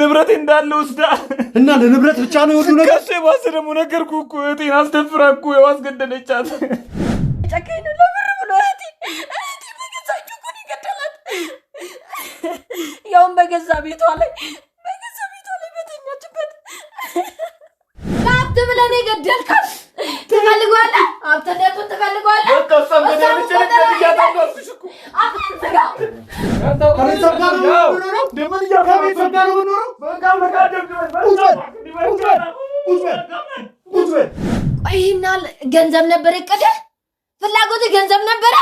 ንብረት እንዳለ ወስዳ እና ለንብረት ብቻ ነው የወዱ ነገር። ከሱ የባሰ ደግሞ ነገርኩ እኮ እህቴን አስደፍራ እኮ ያው አስገደለቻት። ጨካኝ ለብር ብሎ እህቴ እህቴ በገዛችሁ እኮ ያውም በገዛ ቤቷ ላይ በገዛ ቤቷ ላይ በተኛችበት ብለን የገደልካት ትፈልገዋለህ? ገንዘብ ነበር እቅድህ፣ ፍላጎትህ ገንዘብ ነበረ፣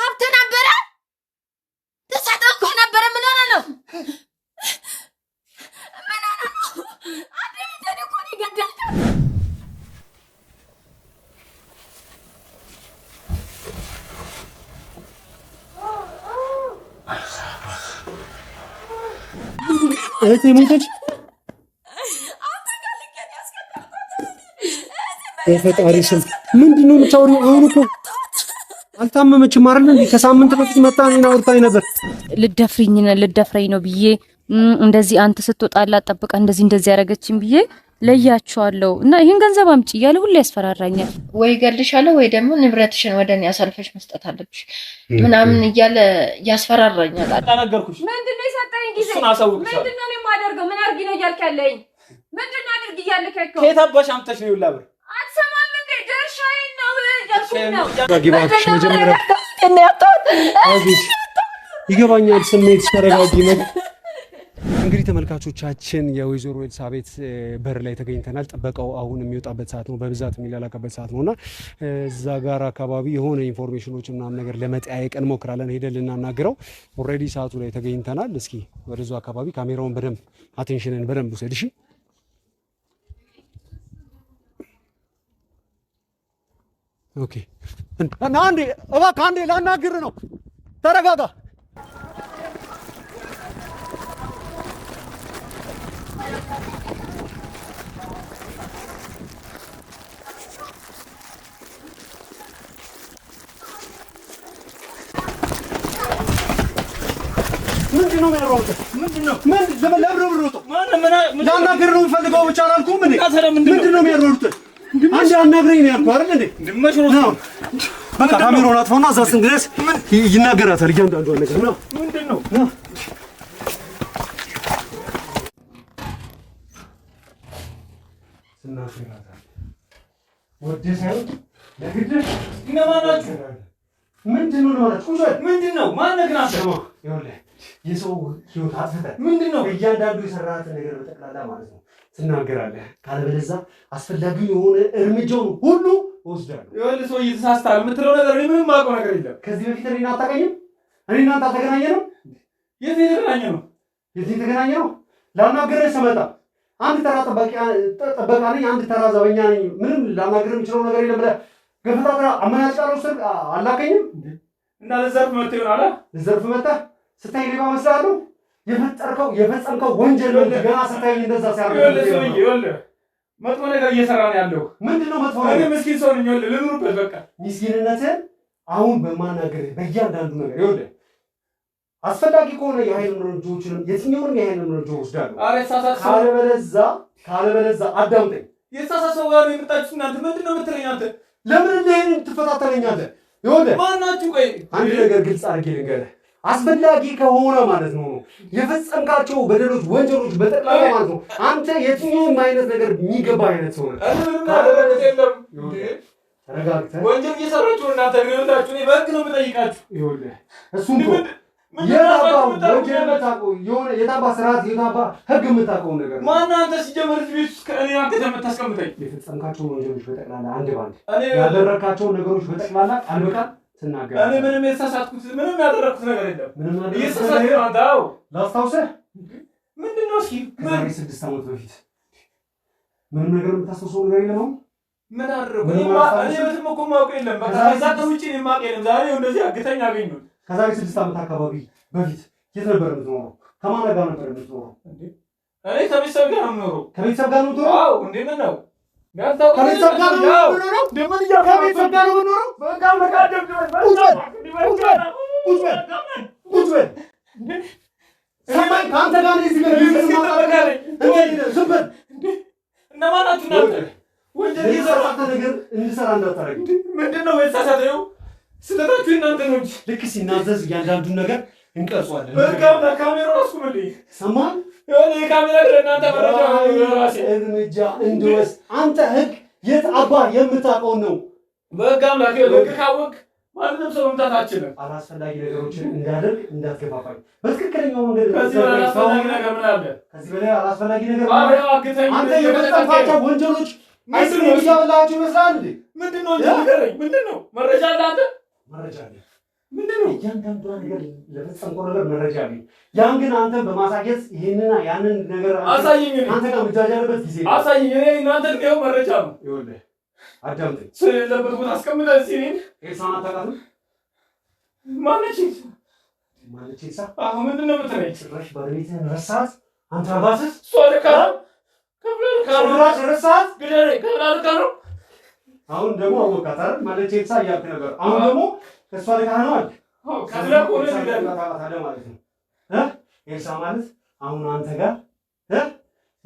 ሀብት ነበረ፣ ተሳጠብኩ ነበረ። ምን ሆነ ነው? ምን ሆነ ነው? አንድ ሚሊዮን እኮ ነው እህቴ ሞተች። የፈጣሪ ስም ምንድን ነው የምታወሪው? አሁን እኮ አልታመመችም አይደል ከሳምንት በፊት መጣ እኔን አውርታኝ ነበር። ልደፍሪኝ ልደፍረኝ ነው ብዬ እንደዚህ አንተ ስትወጣላት ጠብቃ እንደዚህ እንደዚህ ያደረገችኝ ብዬ ለያቸዋለሁ እና ይህን ገንዘብ አምጪ እያለ ሁሉ ያስፈራራኛል። ወይ ገልሻለሁ ወይ ደግሞ ንብረትሽን ወደ እኔ አሳልፈሽ መስጠት አለብሽ ምናምን እያለ ያስፈራራኛል። ነገርኩሽ። ምንድን ነው የሰጠኝ ጊዜ? ምንድን ነው የማደርገው? ምን አድርጊ ነው እያልክ ያለኝ? ምንድን ነው እያልክ ያልከው? ከየት አባሽ አምጥተሽ ነው ይውላ ብር አትሰማም እንዴ? ነው ነው መጀመሪያ ይገባኛል ስሜት ተረጋጊ ነው እንግዲህ ተመልካቾቻችን የወይዘሮ ኤልሳቤት በር ላይ ተገኝተናል። ጥበቃው አሁን የሚወጣበት ሰዓት ነው፣ በብዛት የሚላላቀበት ሰዓት ነው እና እዛ ጋር አካባቢ የሆነ ኢንፎርሜሽኖች ምናምን ነገር ለመጠያየቅ እንሞክራለን ሄደን ልናናግረው። ኦልሬዲ ሰዓቱ ላይ ተገኝተናል። እስኪ ወደዛ አካባቢ ካሜራውን በደንብ አቴንሽንን በደንብ ውሰድ እሺ። ኦኬ አንዴ እባክህ አንዴ ላናግር ነው። ተረጋጋ ምንድነው የሚያሯሩጠው? ምንድነው ምን ዘመን ለብሮ ብሮጡ ላናግር ነው የምፈልገው ብቻ አላልኩም። ምንድነው አንድ አናግረኝ ነው ያልኩህ አይደል እንዴ? በቃ ካሜራውን አጥፋውና እዛ ስንት ይናገራታል እያንዳንዷ ነገር ነው ምንድነው ብላችሁ ይናገራል። ወደሰው ለግድሽ እነማን ምንድን ነው ምንድን ነው የሰው ህይወት አጥፍተህ ምንድን ነው እያንዳንዱ የሰራትን ነገር በጠቅላላ ማለት ነው ትናገራለህ። ካለበለዚያ አስፈላጊውን የሆነ እርምጃውን ሁሉ እወስዳለሁ። ይኸውልህ ሰውዬ ተሳስተሃል የምትለው ነገር እኔ ምንም አውቀው ነገር የለም። ከዚህ በፊት እኔን አታውቀኝም? እኔ እናንተ አልተገናኘንም? የት የተገናኘ ነው? የት የተገናኘ ነው? ላናገረህ ስመጣ አንድ ተራ ጠበቃ ነኝ፣ አንድ ተራ ዘበኛ ነኝ፣ ምንም ላናገር የምችለው ነገር የለም ብለህ ገፈታ ተራ አመናጭ ያለው ስር አላከኝም እና ልዘርፍ መጥተህ ይሆናል ልዘርፍ መጥተህ ስታይ ሌባ መስላሉ የፈጠርከው የፈጸምከው ወንጀል ነው። ገና ስታይ እንደዛ ሲያደርግ መጥፎ ነገር እየሰራ ነው ያለው። ምንድን ነው መጥፎ ነገር? ምስኪን ሰው ነኝ ልኑርበት። በቃ ምስኪንነትህን አሁን በማናገር በእያንዳንዱ ነገር ይወደ አስፈላጊ ከሆነ የኃይል እርምጃዎችንም የትኛውንም የኃይል እርምጃ ወስዳሉ። ካለበለዛ ካለበለዛ አዳምጠኝ። የተሳሳሰው ጋር የመጣችሁ እናንተ ምንድን ነው የምትለኝ? አንተ ለምን እንደሄን ትፈታተለኛለህ? ይኸውልህ ማናችሁ? ቆይ አንድ ነገር ግልጽ አድርጌ ንገረህ። አስፈላጊ ከሆነ ማለት ነው የፈጸምካቸው በደሎች፣ ወንጀሎች በጠቅላላ ማለት ነው። አንተ የትኛውም አይነት ነገር የሚገባ አይነት ሰው ነህ። ወንጀል እየሰራችሁ እናንተ ግንታችሁ በህግ ነው የምጠይቃችሁ። ይኸውልህ እሱ የታባ የታባ ስርዓት የታባ ህግ የምታውቀው ነገር ማነህ አንተ? ሲጀመር እዚህ ቤት ውስጥ አንተ የምታስቀምጠኝ የፈጸምካቸውን ወንጀሎች በጠቅላላ አንድ ባንድ ያደረግካቸውን ነገሮች በጠቅላላ ቃል በቃል ትናገር። እኔ ምንም የተሳሳትኩት ምንም ያደረግኩት ነገር የለም። ምንም እየተሳሳትኩ አንተ አዎ፣ ላስታውሰህ ምንድን ነው እስኪ ዛሬ ስድስት ዓመት በፊት ምንም ነገር የምታስታውሰው ነገር የለም። ምን አደረግኩ እኔ? ምንም እኮ የማውቀው የለም። በቃ ከዛ ከውጭ እኔ የለም። ዛሬ እንደዚህ አግተኝ አገኙት ከዛሬ ስድስት ዓመት አካባቢ በፊት የት ነበር የምትኖረው? ከማን ጋር ነበር የምትኖረው? እኔ ከቤተሰብ ጋር ነው የምኖረው። ከቤተሰብ ጋር ነው የምትኖረው? ነው? ከቤተሰብ ጋር ነው የምኖረው? ከቤተሰብ ጋር ነው የምኖረው? ሰማይ ከአንተ ጋር ነው ዝም በል። ወንጀል ነገር እንድሰራ እንዳታረግ ምንድን ነው የተሳሳተው? ስለታችሁ እናንተ ነው እንጂ ልክ ሲናዘዝ እያንዳንዱን ነገር እንቀርጿለን። በቃ ካሜራ ራሱ ምልኝ ሰማን የሆነ የካሜራ ለእናንተ መረጃ እርምጃ እንድወስድ አንተ ህግ የት አባ የምታውቀውን ነው። በቃ ህግ ካወቅ ማንም ሰው መምታት አችልም። አላስፈላጊ ነገሮችን እንዳደርግ እንዳትገፋፋኝ በትክክለኛው መንገድ። ከዚህ በላይ አላስፈላጊ ነገር ምን አለ? ከዚህ በላይ አላስፈላጊ ነገር አንተ የመጠፋቸው ወንጀሎች ምስሉ ይሻላችሁ ይመስላል። ምንድን ነው እንጂ ምንድን ነው መረጃ እንዳንተ መረጃ አለ። ምንድን ነው እያንዳንዷ ነገር ለፈጸምከው ነገር መረጃ አለ። ያን ግን አንተን በማሳየት ይሄንን ያንን ነገር አሳየኝ። አንተ ጋር ጊዜ አሳየኝ። እኔ እናንተ መረጃ ነው። ይኸውልህ ቦታ ኤልሳን አታውቃትም? ማነች ምንድን ነው የምትለኝ? ጭራሽ ባለቤትህን ረሳት አንተ አባትህ እሷ ልካ ነው ልካ ነው ጭራሽ ረሳት ግደለኝ ልካ ነው አሁን ደግሞ አወቃት አይደል? ማለት ቼልሳ እያልክ ነበር። አሁን ደግሞ እሷ ልካ ነው አለ ማለት ነው። ኤልሳ ማለት አሁን አንተ ጋር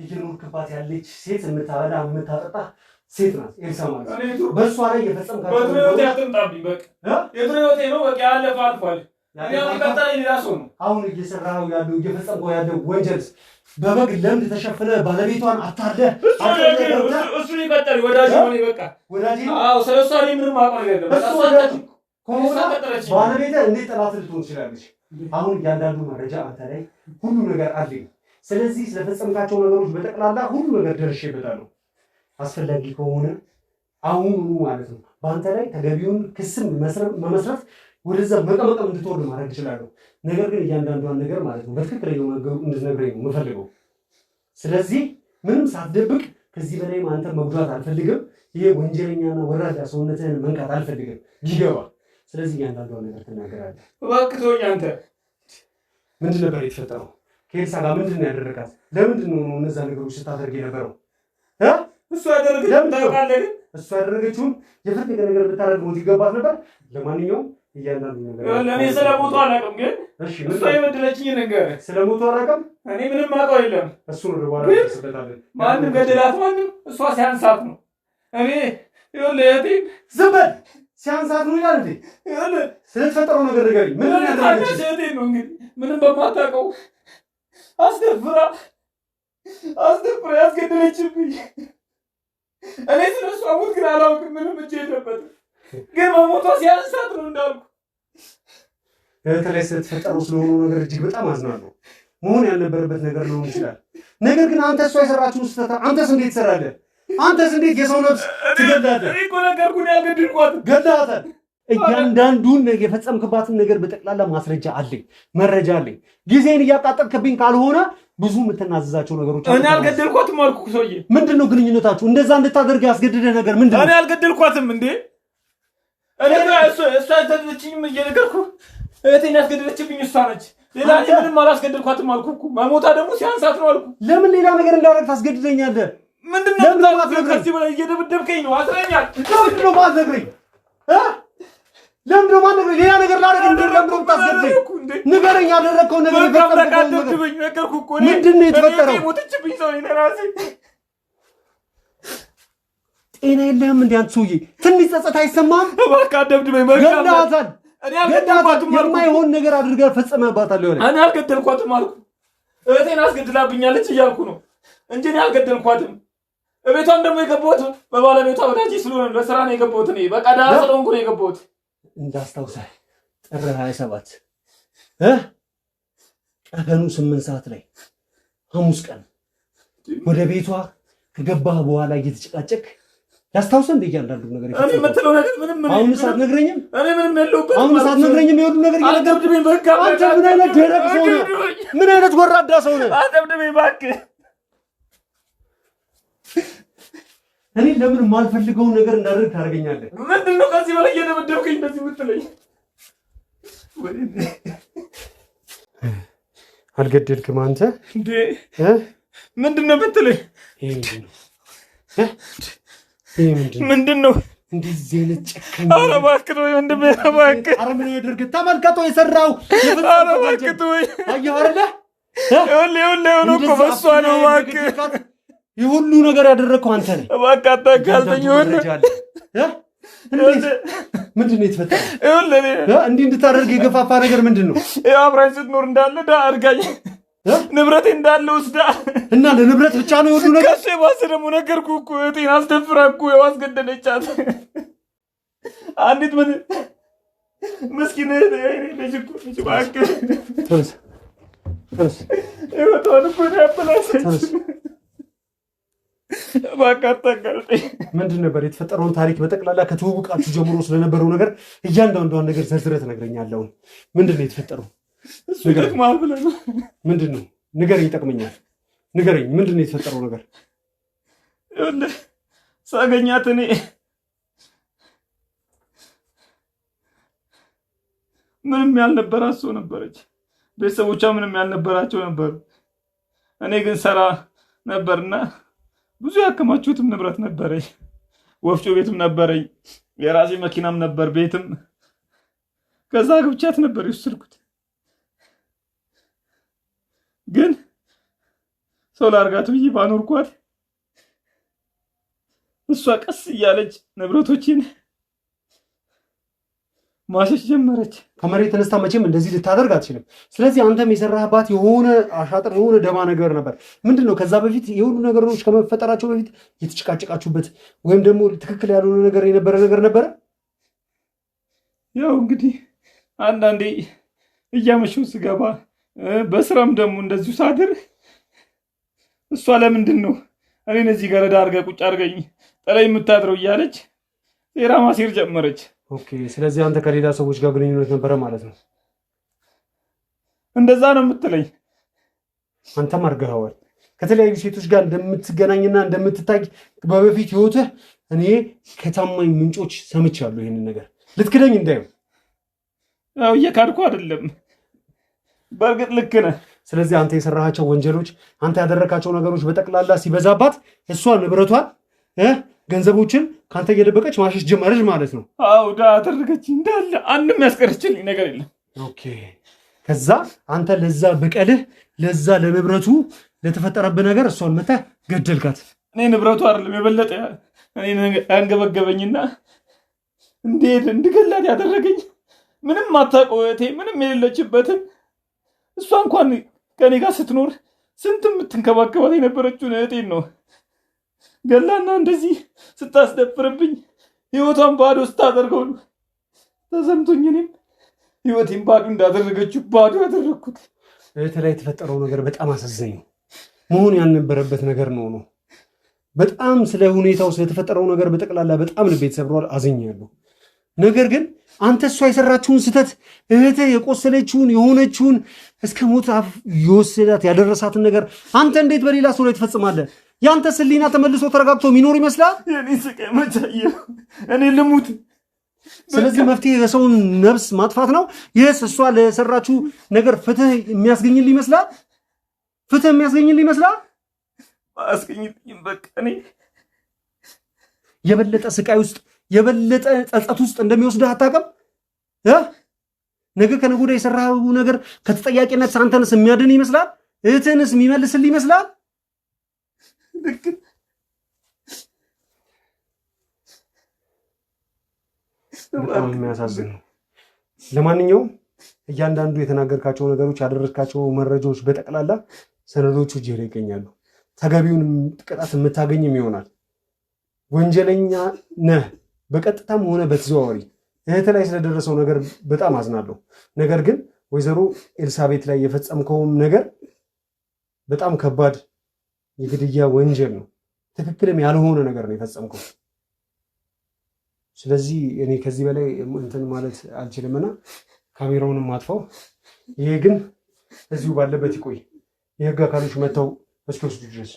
እየኖርክባት ያለች ሴት የምታበላ የምታጠጣ ሴት ናት። ኤልሳ ማለት በእሷ ላይ የፈጸምካት ነው። በቃ ያለፈ አልፏል። አሁን እየሰራው ያለው እየፈጸምከው ያለው ወንጀል በበግ ለምድ ተሸፍነ ባለቤቷን አታለ እሱን ይቀጠል። እንዴት ጠላት ልትሆን ትችላለች? አሁን እያንዳንዱ መረጃ አንተ ላይ ሁሉ ነገር አለኝ። ስለዚህ ስለፈጸምካቸው ነገሮች በጠቅላላ ሁሉ ነገር ደርሼበታለሁ። አስፈላጊ ከሆነ አሁኑ ማለት ነው በአንተ ላይ ተገቢውን ክስም መመስረት ወደዛ መቀመቀም እንድትወርድ ማድረግ እችላለሁ። ነገር ግን እያንዳንዷን ነገር ማለት ነው በትክክለኛው መንገዱ እንድትነግረኝ ነው የምፈልገው። ስለዚህ ምንም ሳትደብቅ ከዚህ በላይ አንተ መጉዳት አልፈልግም። ይሄ ወንጀለኛና ወራዳ ሰውነትህን መንካት አልፈልግም ይገባ። ስለዚህ እያንዳንዷን ነገር ትናገራለህ። እባክህ ተወኝ። አንተ ምንድን ነበር የተፈጠረው? ከኤልሳ ጋር ምንድን ነው ያደረጋት? ለምንድን ነው እነዛ ነገሮች ስታደርግ የነበረው? እሱ ያደረገችውን የፈለገ ነገር ብታደርግ ሞት ይገባት ነበር። ለማንኛውም እኔ ስለ ሞቱ አላውቅም፣ ግን እሷ የበደለችኝ ነገር ስለ ሞቱ አላውቅም። እኔ ምንም አውቀው የለም። እሱ ማንም ገደላት፣ ማንም እሷ ሲያንሳት ነው። እኔ ለእህቴ ዝም በል ሲያንሳት ነው ይላል። እንዴ ስለተፈጠረው ነገር ንገሪኝ። ምን ያደረገች እህቴ ነው? እንግዲህ ምንም በማታውቀው አስደፍራ አስደፍራ ያስገደለችብኝ። እኔ ስለ እሷ ሞት ግን አላውቅም፣ ምንም እጅ የለበትም ግን በሞቶ ሲያንሳት ነው እንዳልኩ። በተለይ ስለተፈጠሩ ስለሆኑ ነገር እጅግ በጣም አዝናለሁ። መሆን ያልነበረበት ነገር ሊሆን ይችላል። ነገር ግን አንተ እሷ የሰራችውን ስህተት አንተስ እንዴት ትሰራለህ? አንተስ እንዴት የሰው ነብስ ትገድላለህ? እኔ እኮ ነገርኩህ። ያልገድልኳትም ገድላታል። እያንዳንዱን የፈጸምክባትን ነገር በጠቅላላ ማስረጃ አለኝ፣ መረጃ አለኝ። ጊዜን እያቃጠልክብኝ ካልሆነ ብዙ የምትናዘዛቸው ነገሮች እኔ አልገደልኳትም አልኩ። ሰውዬ ምንድን ነው ግንኙነታችሁ? እንደዛ እንድታደርግ ያስገድደህ ነገር ምንድን ነው? እኔ አልገደልኳትም እንዴ እሷ ዘድለችኝም እየነገርኩህ እህቴን ያስገደለችብኝ እሷ ነች። ሌላ ምንም አላስገደልኳትም አልኩህ እኮ መሞታ ደግሞ ሲያንሳት ነው አልኩህ። ለምን ሌላ ነገር እንዳደረግ ታስገድደኛለህ? ምንድን ነው ከዚህ በላይ እየደበደብከኝ ነው? አስረኛል። ለምንድን ነው የማትነግረኝ? ለምንድን ነው የማትነግረኝ? ሌላ ነገር ላደርግ እንደምትለው ታስገድደኝ? ንገረኝ። ያደረግከው ነገር ምንድን ነው የተፈጠረው? ጤና የለህም እንዴ? አንተ ሰውዬ ትንሽ ጸጸት አይሰማም? እባክህ አደብድበኝ። ገድለሃታል። የማይሆን ነገር አድርጋ ፈጽመባታል። ሆነ እኔ አልገደልኳትም አልኩ። እህቴን አስገድላብኛለች እያልኩ ነው እንጂ እኔ አልገደልኳትም። እቤቷን ደግሞ የገባሁት በባለቤቷ ወዳጅ ስለሆነ በስራ ነው የገባሁት። እኔ በቃ ደህና ስለሆንኩ ነው የገባሁት። እንዳስታውሳል ጥር 27 ቀኑ ስምንት ሰዓት ላይ ሐሙስ ቀን ወደ ቤቷ ከገባህ በኋላ እየተጨቃጨቅ ያስታውሰን በእያንዳንዱ ነገር ነገር ምንም አሁን ሰዓት ነግረኝም አሁን ሰዓት ነግረኝም የሁሉ ነገር እየነገርኩህ አንተ ምን አይነት ደረቅ ሰው ነህ? ምን አይነት ወራዳ ሰው ነህ? አትደብድበኝ እባክህ። እኔ ለምን የማልፈልገውን ነገር እንዳደርግ ታደርገኛለህ? ምንድን ነው ከዚህ በላይ እየደበደብከኝ እንደዚህ ምትለኝ አልገደልክም አንተ እንዴ? ምንድን ነው የምትለኝ? ምንድን ነው እንደዚህ አይነት ኧረ እባክህ ወንድሜ፣ ኧረ እባክህ። ኧረ ምን ተመልከቶ የሰራው ኧረ እባክህ አየሁ እኮ በእሷ ነው። እባክህ ይህ ሁሉ ነገር ያደረግከው አንተ ነህ። እባክህ አታካልተኝ። ምንድን ነው የተፈጠረው? እንዲህ እንድታደርግ የገፋፋ ነገር ምንድን ነው? አብራኝ ስትኖር እንዳለ ዳ አድርጋኝ ንብረት እንዳለ ወስዳ እና ለንብረት ብቻ ነው የወዱ ነገር ከሱ የባሰ ደግሞ ነገርኩ እኮ እህቴን አስደፍራ እኮ ያው አስገደለቻት። አንዲት ምን ምስኪን ልጅ እኮ ልጅ እባክህ ህይወቷን እኮ ያበላሸች። ምንድን ነበር የተፈጠረውን ታሪክ በጠቅላላ ከትውውቃችሁ ጀምሮ ስለነበረው ነገር እያንዳንዷን ነገር ዘርዝረህ ትነግረኛለህ። ምንድን ነው የተፈጠረው? እሱ ይጠቅማል ብለህ ነው? ምንድን ነው ንገረኝ፣ ይጠቅመኛል። ንገረኝ፣ ምንድን ነው የተፈጠረው ነገር? ይኸውልህ ሳገኛት እኔ ምንም ያልነበራት ሰው ነበረች። ቤተሰቦቿ ምንም ያልነበራቸው ነበር? እኔ ግን ሰራ ነበርና ብዙ ያከማችሁትም ንብረት ነበረኝ። ወፍጮ ቤትም ነበረኝ፣ የራሴ መኪናም ነበር፣ ቤትም። ከዛ ግብቻት ነበር የወሰድኩት ግን ሰው ላርጋት ብዬ ባኖርኳት እሷ ቀስ እያለች ንብረቶችን ማሸሽ ጀመረች። ከመሬት ተነስታ መቼም እንደዚህ ልታደርግ አትችልም። ስለዚህ አንተም የሰራህባት የሆነ አሻጥር የሆነ ደማ ነገር ነበር። ምንድን ነው ከዛ በፊት የሁሉ ነገሮች ከመፈጠራቸው በፊት የተጨቃጨቃችሁበት ወይም ደግሞ ትክክል ያልሆነ ነገር የነበረ ነገር ነበረ? ያው እንግዲህ አንዳንዴ እያመሸው ስገባ በስራም ደግሞ እንደዚሁ ሳድር እሷ ለምንድን ነው እኔን እዚህ ገረዳ አድርገህ ቁጭ አድርገኝ ጥላ የምታድረው እያለች ሴራ ማሴር ጀመረች። ኦኬ፣ ስለዚህ አንተ ከሌላ ሰዎች ጋር ግንኙነት ነበረ ማለት ነው። እንደዛ ነው የምትለኝ? አንተም አድርገኸዋል። ከተለያዩ ሴቶች ጋር እንደምትገናኝና እንደምትታይ በበፊት ህይወትህ እኔ ከታማኝ ምንጮች ሰምቻለሁ። ይህንን ነገር ልትክደኝ እንዳይሆን ያው እየካድኩ አይደለም በእርግጥ ልክ ነህ። ስለዚህ አንተ የሰራሃቸው ወንጀሎች፣ አንተ ያደረካቸው ነገሮች በጠቅላላ ሲበዛባት እሷ ንብረቷን ገንዘቦችን ከአንተ እየደበቀች ማሸሽ ጀመረች ማለት ነው። አዎ ዳ አደረገች እንዳለ አንድም ያስቀረችልኝ ነገር የለም። ኦኬ። ከዛ አንተ ለዛ በቀልህ፣ ለዛ ለንብረቱ ለተፈጠረብህ ነገር እሷን መተህ ገደልካት። እኔ ንብረቱ አይደለም የበለጠ ያንገበገበኝና እንዴት እንድገላት ያደረገኝ ምንም አታውቀው እህቴ ምንም የሌለችበትን እሷ እንኳን ከኔ ጋር ስትኖር ስንት የምትንከባከባት የነበረችውን እህቴን ነው ገላና እንደዚህ ስታስደፍርብኝ ህይወቷን ባዶ ስታደርገው ተሰምቶኝ እኔም ህይወቴን ባዶ እንዳደረገችው ባዶ ያደረግኩት። እህት ላይ የተፈጠረው ነገር በጣም አሳዘኝ መሆን ያልነበረበት ነገር ነው ነው በጣም ስለ ሁኔታው ስለተፈጠረው ነገር በጠቅላላ በጣም ልቤ ተሰብሯል። አዝኛለሁ። ነገር ግን አንተ እሷ የሰራችውን ስህተት እህት የቆሰለችውን የሆነችውን እስከ ሞት አፍ የወሰዳት ያደረሳትን ነገር አንተ እንዴት በሌላ ሰው ላይ ትፈጽማለህ? ያንተ ስሊና ተመልሶ ተረጋግቶ የሚኖር ይመስላል? እኔ ልሙት። ስለዚህ መፍትሄ የሰውን ነብስ ማጥፋት ነው። ይህስ እሷ ለሰራችው ነገር ፍትህ የሚያስገኝል ይመስላል? ፍትህ የሚያስገኝል ይመስላል? በቃ እኔ የበለጠ ስቃይ ውስጥ የበለጠ ጸጸት ውስጥ እንደሚወስድህ አታውቅም። ነገ ከነገ ወዲያ የሰራው ነገር ከተጠያቂነት አንተንስ የሚያድን ይመስላል? እህትህንስ የሚመልስል ይመስላል? በጣም የሚያሳዝን ነው። ለማንኛውም እያንዳንዱ የተናገርካቸው ነገሮች፣ ያደረግካቸው መረጃዎች በጠቅላላ ሰነዶቹ እጅ ላይ ይገኛሉ። ተገቢውን ቅጣት የምታገኝም ይሆናል። ወንጀለኛ ነህ በቀጥታም ሆነ በተዘዋዋሪ እህት ላይ ስለደረሰው ነገር በጣም አዝናለሁ። ነገር ግን ወይዘሮ ኤልሳቤት ላይ የፈጸምከውም ነገር በጣም ከባድ የግድያ ወንጀል ነው። ትክክልም ያልሆነ ነገር ነው የፈጸምከው። ስለዚህ እኔ ከዚህ በላይ እንትን ማለት አልችልምና ካሜራውንም አጥፋው። ይሄ ግን እዚሁ ባለበት ይቆይ፣ የህግ አካሎች መጥተው እስኪወስዱ ድረስ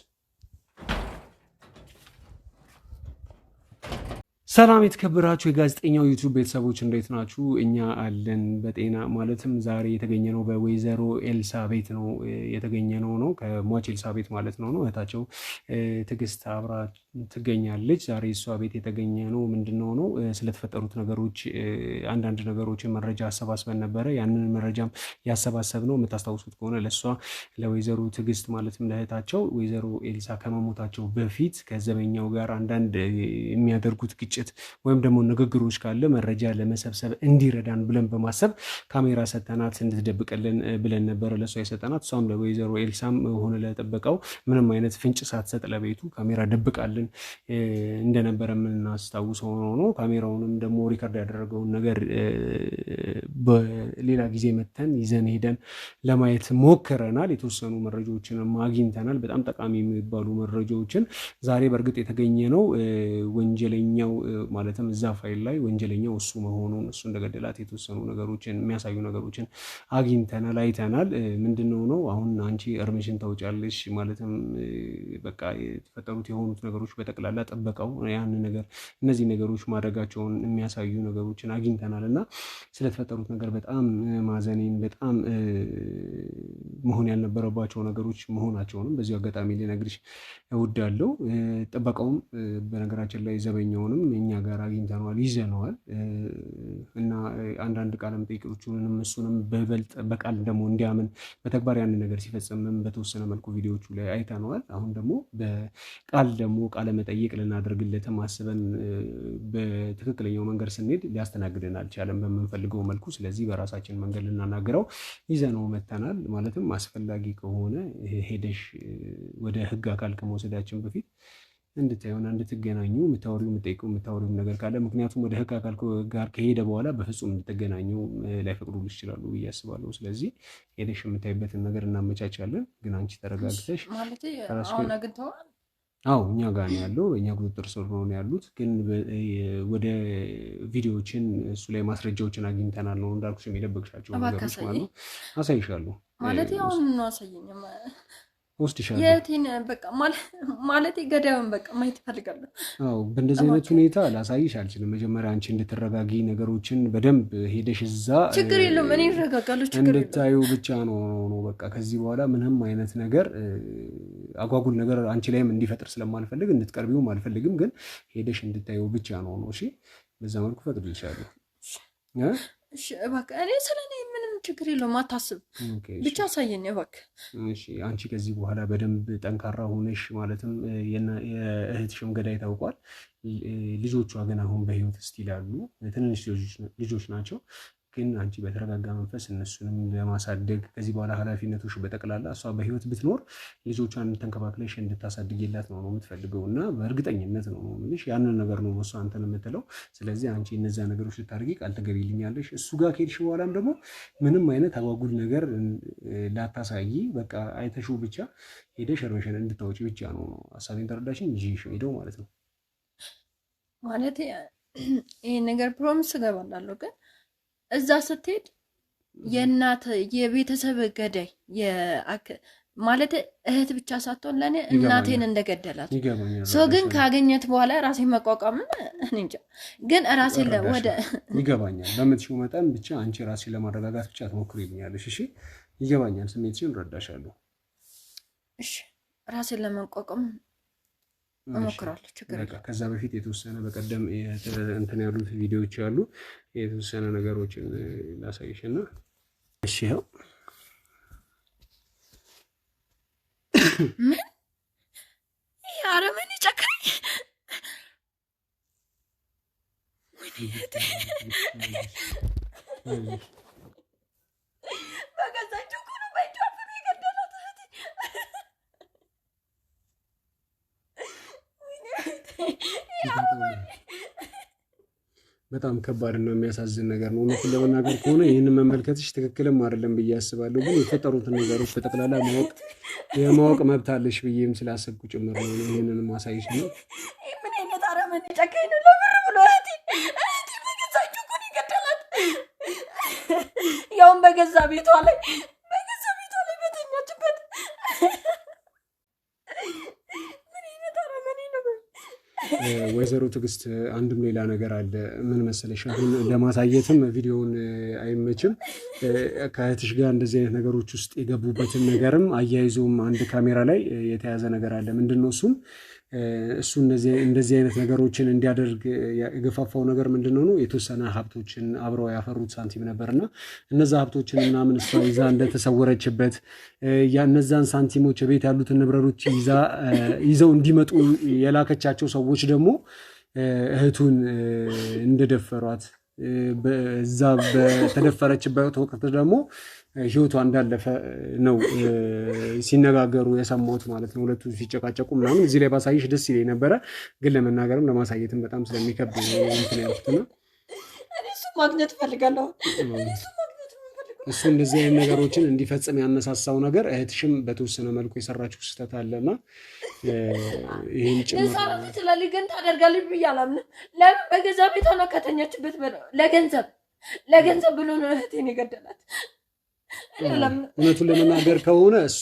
ሰላም የተከበራችሁ የጋዜጠኛው ዩቱብ ቤተሰቦች እንዴት ናችሁ? እኛ አለን በጤና ማለትም፣ ዛሬ የተገኘነው በወይዘሮ ኤልሳቤት ነው የተገኘ ነው ከሟች ኤልሳቤት ማለት ነው ነው እህታቸው ትዕግስት አብራ ትገኛለች። ዛሬ እሷ ቤት የተገኘ ነው ምንድነው ነው ስለተፈጠሩት ነገሮች አንዳንድ ነገሮችን መረጃ አሰባስበን ነበረ። ያንን መረጃም ያሰባሰብ ነው የምታስታውሱት ከሆነ ለእሷ ለወይዘሮ ትግስት ማለትም ለእህታቸው ወይዘሮ ኤልሳ ከመሞታቸው በፊት ከዘበኛው ጋር አንዳንድ የሚያደርጉት ግጭ ግጭት ወይም ደግሞ ንግግሮች ካለ መረጃ ለመሰብሰብ እንዲረዳን ብለን በማሰብ ካሜራ ሰጠናት እንድትደብቅልን ብለን ነበረ ለእሷ የሰጠናት። እሷም ለወይዘሮ ኤልሳም ሆነ ለጠበቃው ምንም አይነት ፍንጭ ሳትሰጥ ለቤቱ ካሜራ ደብቃልን እንደነበረ የምናስታውሰው ሆኖ ካሜራውንም ደግሞ ሪከርድ ያደረገውን ነገር በሌላ ጊዜ መተን ይዘን ሄደን ለማየት ሞክረናል። የተወሰኑ መረጃዎችን አግኝተናል። በጣም ጠቃሚ የሚባሉ መረጃዎችን ዛሬ በእርግጥ የተገኘ ነው ወንጀለኛው ማለትም እዛ ፋይል ላይ ወንጀለኛው እሱ መሆኑን እሱ እንደገደላት የተወሰኑ ነገሮችን የሚያሳዩ ነገሮችን አግኝተናል፣ አይተናል። ምንድነው ነው አሁን አንቺ እርምሽን ታውጫለሽ። ማለትም በቃ የተፈጠሩት የሆኑት ነገሮች በጠቅላላ ጠበቀው ያን ነገር እነዚህ ነገሮች ማድረጋቸውን የሚያሳዩ ነገሮችን አግኝተናል እና ስለተፈጠሩት ነገር በጣም ማዘኔን በጣም መሆን ያልነበረባቸው ነገሮች መሆናቸውንም በዚሁ አጋጣሚ ሊነግርሽ እወዳለሁ። ጥበቃውም በነገራችን ላይ ዘበኛውንም እኛ ጋር አግኝተነዋል ይዘነዋል እና አንዳንድ ቃለ መጠይቆቹንም እሱንም በበልጥ በቃል ደግሞ እንዲያምን በተግባር ያንን ነገር ሲፈጽምም በተወሰነ መልኩ ቪዲዮቹ ላይ አይተነዋል። አሁን ደግሞ በቃል ደግሞ ቃለ መጠይቅ ልናደርግለት ማስበን በትክክለኛው መንገድ ስንሄድ ሊያስተናግደን አልቻለም በምንፈልገው መልኩ። ስለዚህ በራሳችን መንገድ ልናናግረው ይዘነው መተናል። ማለትም አስፈላጊ ከሆነ ሄደሽ ወደ ህግ አካል ከመውሰዳችን በፊት እንድታዩና እንድትገናኙ የምታወሪው የምጠይቀው የምታወሪው ነገር ካለ ምክንያቱም ወደ ህግ አካል ጋር ከሄደ በኋላ በፍጹም እንድትገናኙ ላይፈቅዱልሽ ይችላሉ ብዬ አስባለሁ። ስለዚህ ሄደሽ የምታይበትን ነገር እናመቻቻለን። ግን አንቺ ተረጋግተሽ አው እኛ ጋር ነው ያለው፣ እኛ ቁጥጥር ስር ነው ያሉት። ግን ወደ ቪዲዮዎችን እሱ ላይ ማስረጃዎችን አግኝተናል ነው እንዳልኩሽ፣ የደበቅሻቸው ነገሮች ማለት ነው። አሳይሻለሁ ማለት ያው ነው አሳየኝ ውስጥ ይሻላል። የእህቴን በቃ ማለቴ ገዳዩን በቃ ማየት ይፈልጋለሁ። አዎ በእንደዚህ አይነት ሁኔታ ላሳይሽ አልችልም። መጀመሪያ አንቺ እንድትረጋጊ ነገሮችን በደንብ ሄደሽ እዛ ችግር የለም እኔ እረጋጋለሁ። ችግር እንድታዩ ብቻ ነው ነው በቃ ከዚህ በኋላ ምንም አይነት ነገር አጓጉል ነገር አንቺ ላይም እንዲፈጥር ስለማልፈልግ እንድትቀርቢውም አልፈልግም። ግን ሄደሽ እንድታዩ ብቻ ነው ነው። እሺ በዛ መልኩ ፈቅድልሻለሁ። እሺ እባክህ እኔ ስለ እኔ ችግር የለውም አታስብ፣ ብቻ አሳየን እባክህ። አንቺ ከዚህ በኋላ በደንብ ጠንካራ ሆነሽ ማለትም የእህትሽም ገዳይ ታውቋል። ልጆቿ ግን አሁን በህይወት እስቲል ያሉ ትንንሽ ልጆች ናቸው። ግን አንቺ በተረጋጋ መንፈስ እነሱንም ለማሳደግ ከዚህ በኋላ ኃላፊነቶች በጠቅላላ እሷ በህይወት ብትኖር ልጆቿን ተንከባክለሽ እንድታሳድግላት ነው ነው የምትፈልገው እና በእርግጠኝነት ነው ነው የምልሽ። ያንን ነገር ነው እሷ አንተን የምትለው። ስለዚህ አንቺ እነዚያ ነገሮች ልታደርጊ ቃል ትገቢልኛለሽ። እሱ ጋር ከሄድሽ በኋላም ደግሞ ምንም አይነት አጓጉል ነገር ላታሳይ፣ በቃ አይተሹ ብቻ ሄደሽ እርምሽን እንድታወጪ ብቻ ነው ነው ሀሳቤን ተረዳሽኝ? ይዤ ሄደው ማለት ነው ማለት ይሄ ነገር ፕሮሚስ እገባላለሁ ግን እዛ ስትሄድ የእናት የቤተሰብ ገዳይ ማለት እህት ብቻ ሳትሆን ለእኔ እናቴን እንደገደላት ሰው ግን ካገኘት በኋላ ራሴን መቋቋምን እንጃ። ግን ራሴን ወደ ይገባኛል በምትሽው መጠን ብቻ አንቺ ራሴን ለማረጋጋት ብቻ ትሞክር ይልኛለሽ። እሺ ይገባኛል፣ ስሜት ሲሆን እረዳሻለሁ። እሺ ራሴን ለመቋቋም ከዛ በፊት የተወሰነ በቀደም እንትን ያሉት ቪዲዮዎች አሉ። የተወሰነ ነገሮችን ላሳይሽ እና እሺ፣ ይኸው ምን አረመኔ ጨካኝ ወይኔ በጣም ከባድ ነው። የሚያሳዝን ነገር ነው። እውነቱን ለመናገር ከሆነ ይህንን መመልከትሽ ትክክልም አይደለም ብዬ አስባለሁ። ግን የተፈጠሩትን ነገሮች በጠቅላላ ማወቅ የማወቅ መብት አለሽ ብዬም ስላሰብኩ ጭምር ነው ይህንን ማሳይሽ ነው። ምን አይነት አረመኔ ጨካኝ ነው! ለምር ብሎ እህቴ እህቴ በገዛ እጁ እኮ ነው ያውም በገዛ ቤቷ ላይ ወይዘሮ ትዕግስት አንድም ሌላ ነገር አለ። ምን መሰለሽ አሁን ለማሳየትም ቪዲዮውን አይመችም። ከእህትሽ ጋር እንደዚህ አይነት ነገሮች ውስጥ የገቡበትን ነገርም አያይዞም አንድ ካሜራ ላይ የተያዘ ነገር አለ። ምንድን ነው እሱም እሱ እንደዚህ አይነት ነገሮችን እንዲያደርግ የገፋፋው ነገር ምንድን ነው? የተወሰነ ሀብቶችን አብረው ያፈሩት ሳንቲም ነበር እና እነዛ ሀብቶችን ምናምን እሷ ይዛ እንደተሰወረችበት እነዛን ሳንቲሞች ቤት ያሉትን ንብረቶች ይዘው እንዲመጡ የላከቻቸው ሰዎች ደግሞ እህቱን እንደደፈሯት እዛ በተደፈረችበት ወቅት ደግሞ ህይወቷ እንዳለፈ ነው ሲነጋገሩ የሰማሁት ማለት ነው። ሁለቱ ሲጨቃጨቁ ምናምን እዚህ ላይ ባሳይሽ ደስ ይለኝ ነበረ፣ ግን ለመናገርም ለማሳየትም በጣም ስለሚከብድ እንትን ነው። ማግኘት ፈልጋለሁ። እሱ እንደዚህ አይነት ነገሮችን እንዲፈጽም ያነሳሳው ነገር እህትሽም በተወሰነ መልኩ የሰራችው ስህተት አለና ይህን ጭምር ግን ታደርጋለች ብዬ አላምንም። ለምን በገዛ ቤቷ ነው ከተኛችበት ለገንዘብ ለገንዘብ ብሎ ነው እህቴን የገደላት። እውነቱን ለመናገር ከሆነ እሷ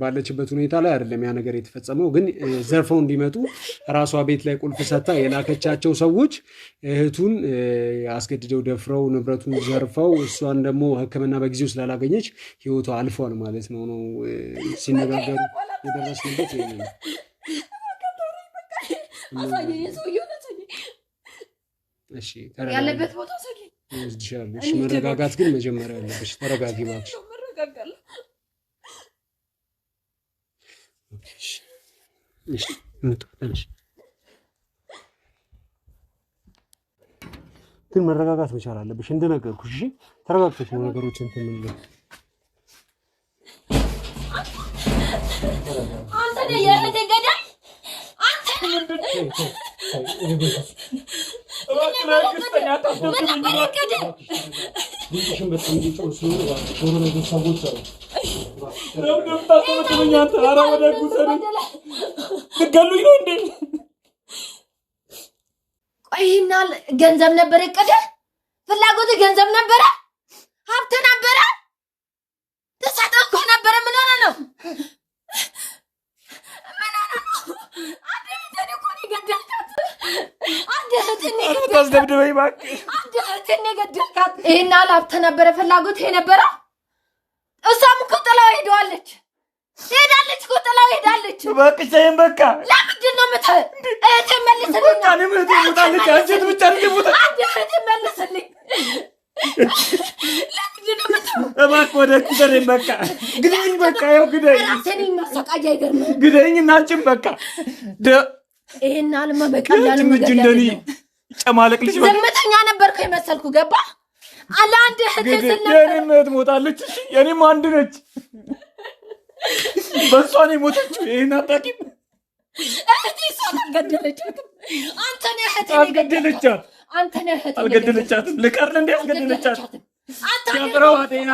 ባለችበት ሁኔታ ላይ አይደለም ያ ነገር የተፈጸመው። ግን ዘርፈው እንዲመጡ ራሷ ቤት ላይ ቁልፍ ሰታ የላከቻቸው ሰዎች እህቱን አስገድደው ደፍረው ንብረቱን ዘርፈው እሷን ደግሞ ሕክምና በጊዜው ስላላገኘች ህይወቷ አልፏል ማለት ነው ነው ሲነጋገሩ የደረስንበት ይ ነው። ያለበት ቦታ መረጋጋት ግን መጀመሪያ ያለበች ተረጋጊ ባች እንረጋጋለን። ግን መረጋጋት መቻል አለብሽ። እንደነገርኩሽ እሺ፣ ተረጋግተሽ ነው ነገሮችን እንትምልል አንተ ድምፅሽን በጣም እየጮህ ስለሆነ ጆሮ ነገር ሰዎች አሉ። ለምንድን ታስመጥበኝ አንተ? ኧረ ወደ ጉሰሪ ትገሉኝ ነው እንዴ? ቆይ ገንዘብ ነበር እቅድ ፍላጎት ገንዘብ ነበረ፣ ሀብት ነበረ፣ ተሳጠው ነበረ። ምን ሆነ ነው ምን ሆነ ነው አንዴ ምንድን እኮ ነው አታስደብድበኝ እባክህ። አንድ እህቴን የገደልካት ይህን ያህል ነበረ ፍላጎት የነበረ እሷም እኮ ጥላው ሄደዋለች። ሄዳለች እኮ ጥላው ሄዳለች። እባክሽ ተይኝ በቃ። ለምንድን ነው እህቴን መልስልኝ። እህቴን ሞታለች። አንቺን ብቻ ነው እባክህ ወደ ግደኝ በቃ ግደኝ በቃ ያው ግደኝ። ግደኝ እና በቃ ይህን አልማ በቃ እንደኔ ጨማለቅ ልጅ ዘመተኛ ነበርኩ የመሰልኩ ገባ አላንድ ህትል ነበር። የኔም ሞታለች። የኔም አንድ ነች። በእሷ ነው የሞተችው። ይሄን አታውቂም። አልገደለቻትም። አልገደለቻትም። ልቀር እንዴ አልገደለቻትም። አንተ ያብረው አደይን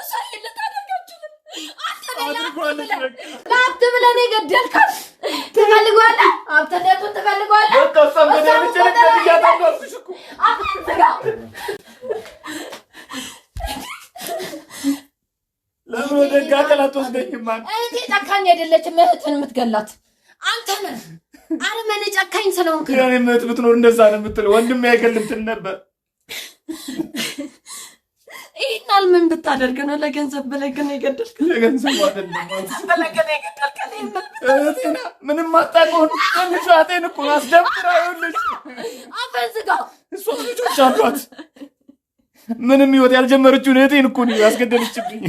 እሷ ይልታደም ለሀብት ብለህ ነው የገደልከው። ትፈልገዋለህ፣ ሀብትነቱን ትፈልገዋለህ። ለምን ወደ ህግ አካል አትወስደኝም? እህቴ ጨካኝ አይደለችም። እህትን የምትገላት አንተ ነህ። አረመኔ ጨካኝ ስለሆንክ እህት ብትኖር እንደዛ ነው የምትለው። ወንድሜ አይገልም ትል ነበር ይህን ምን ብታደርግ ነው? ለገንዘብ ብለህ ግን የገደልክ ለገንዘብ ምንም አታውቀውን እኮ እሷ ልጆች አሏት። ምንም ህይወት ያልጀመረችውን እህቴን እኮ ያስገደለችብኝ።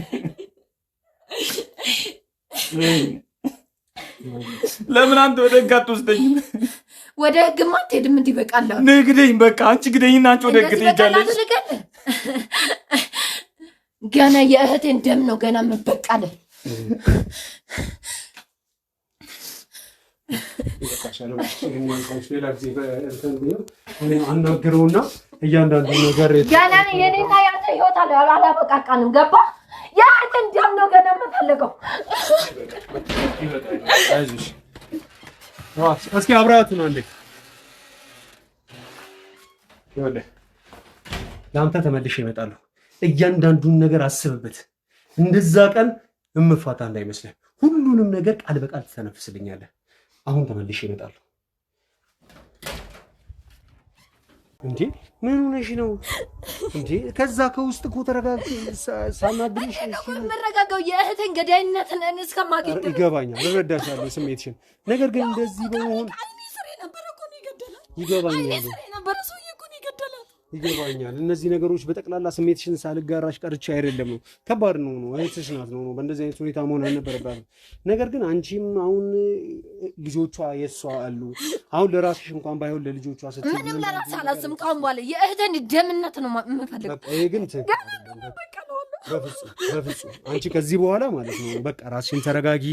ለምን አንተ ወደ ህግ አትወስደኝም? ወደ ህግማ አትሄድም። እንዲህ በቃ አለ ንግደኝ፣ በቃ አንቺ ግደኝና አንቺ ወደ ህግ ትሄጃለሽ። ገና የእህቴን ደም ነው ገና መበቃለ አናግረውና እያንዳንዱ ነገር ገና የኔና ያንተ ህይወት አለ አላበቃቃንም። ገባ የእህቴን ደም ነው ገና የምፈልገው። እስኪ አብራት ነው እንዴ? ይኸውልህ ለአንተ ተመልሼ እመጣለሁ። እያንዳንዱን ነገር አስብበት። እንደዛ ቀን እምፋታ እንዳይመስልህ፣ ሁሉንም ነገር ቃል በቃል ትተነፍስልኛለህ። አሁን ተመልሼ እመጣለሁ። እንዴ ምን ሆነሽ ነው እንዴ? ከዛ ከውስጥ እኮ ተረጋግ ሳናግርሽ እኮ መረጋጋው የእህትን ገዳይነት ነን እስከማገኝ ይገባኛል፣ እረዳሻለሁ ስሜትሽን። ነገር ግን እንደዚህ በመሆን ይገባኛል። ይገባኛል። እነዚህ ነገሮች በጠቅላላ ስሜትሽን ሳልጋራሽ ቀርቼ አይደለም። ነው ከባድ ነው ነው እህትሽ ናት ነው ነው በእንደዚህ አይነት ሁኔታ መሆን አልነበረባትም። ነገር ግን አንቺም አሁን ልጆቿ የእሷ አሉ። አሁን ለራስሽ እንኳን ባይሆን ለልጆቿ ስትይ ምንም ለራስሽ አላስብም። ካሁን በኋላ የእህትን ደምነት ነው የምፈልገው ግን በፍጹም አንቺ ከዚህ በኋላ ማለት ነው በቃ ራስሽን ተረጋጊ፣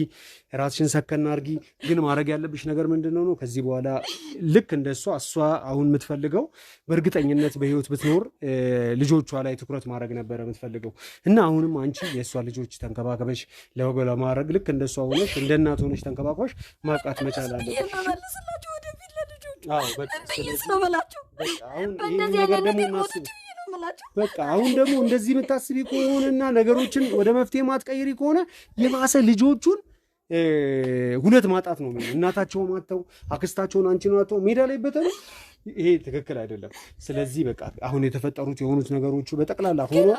ራስሽን ሰከና አርጊ። ግን ማድረግ ያለብሽ ነገር ምንድን ነው ነው ከዚህ በኋላ ልክ እንደ እሷ እሷ አሁን የምትፈልገው በእርግጠኝነት በህይወት ብትኖር ልጆቿ ላይ ትኩረት ማድረግ ነበረ የምትፈልገው እና አሁንም አንቺ የእሷ ልጆች ተንከባከበሽ ለወገ ለማድረግ ልክ እንደ እሷ ሆነሽ እንደ እናት ሆነሽ ተንከባከበሽ ማብቃት መቻል አለብሽ። በእንደዚህ አይነት ነገር ምላቸው በቃ አሁን ደግሞ እንደዚህ የምታስቢ ከሆነና ነገሮችን ወደ መፍትሄ ማትቀይሪ ከሆነ የባሰ ልጆቹን ሁለት ማጣት ነው። እናታቸውም አጥተው አክስታቸውን አንቺን አጥተው ሜዳ ላይ በተኑ ይሄ ትክክል አይደለም። ስለዚህ በቃ አሁን የተፈጠሩት የሆኑት ነገሮቹ በጠቅላላ ሆኖ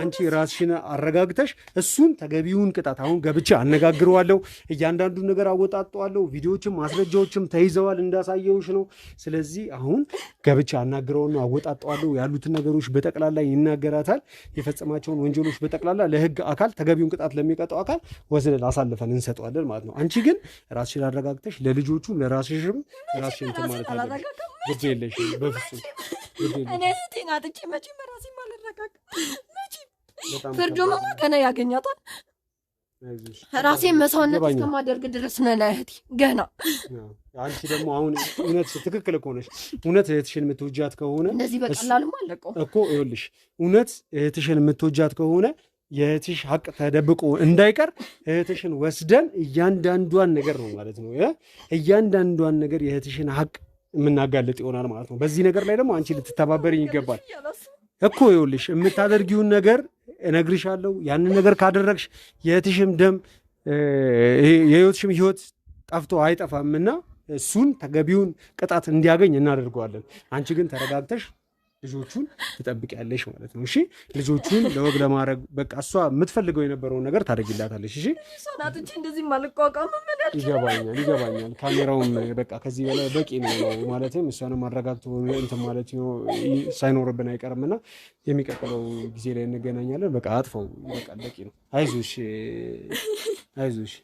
አንቺ ራስሽን አረጋግተሽ እሱን ተገቢውን ቅጣት አሁን ገብቼ አነጋግረዋለሁ። እያንዳንዱ ነገር አወጣጠዋለሁ። ቪዲዮዎችም ማስረጃዎችም ተይዘዋል እንዳሳየውሽ ነው። ስለዚህ አሁን ገብቼ አናግረውና አወጣጠዋለሁ። ያሉትን ነገሮች በጠቅላላ ይናገራታል። የፈጸማቸውን ወንጀሎች በጠቅላላ ለህግ አካል ተገቢውን ቅጣት ለሚቀጠው አካል ወስነን አሳልፈን እንሰጠዋለን ማለት ነው። አንቺ ግን ራስሽን አረጋግተሽ ለልጆቹም ለራስሽም ራስሽን ማለት ግድ የለሽም በፍጹም እኔ እህቴን አጥቼ መቼም ራሴም አልረጋግም። ፍርዱማ ገና ያገኛታል። ራሴን መሳውነት እስከማደርግ ድረስ ነና ለእህቴ ገና። አንቺ ደግሞ አሁን እውነት ትክክል ከሆነሽ እውነት እህትሽን የምትወጃት ከሆነ እንደዚህ በቀላሉ አለቀው እኮ ይኸውልሽ፣ እውነት እህትሽን የምትወጃት ከሆነ የእህትሽ ሀቅ ተደብቆ እንዳይቀር እህትሽን ወስደን እያንዳንዷን ነገር ነው ማለት ነው እያንዳንዷን ነገር የእህትሽን ሀቅ የምናጋልጥ ይሆናል ማለት ነው። በዚህ ነገር ላይ ደግሞ አንቺ ልትተባበርኝ ይገባል እኮ ይኸውልሽ፣ የምታደርጊውን ነገር እነግርሻለሁ። ያንን ነገር ካደረግሽ የእህትሽም ደም የህይወትሽም ህይወት ጠፍቶ እና እሱን ተገቢውን ቅጣት እንዲያገኝ እናደርገዋለን። አንቺ ግን ተረጋግተሽ ልጆቹን ትጠብቂያለሽ ማለት ነው። እሺ ልጆቹን ለወግ ለማድረግ በቃ እሷ የምትፈልገው የነበረውን ነገር ታደርጊላታለሽ። እሺ ይገባኛል፣ ይገባኛል። ካሜራውም በቃ ከዚህ በላይ በቂ ነው ማለት እሷንም ማረጋግቶ እንትን ማለት ሳይኖርብን አይቀርም እና የሚቀጥለው ጊዜ ላይ እንገናኛለን። በቃ አጥፈው፣ በቃ በቂ ነው። አይዞሽ፣ አይዞሽ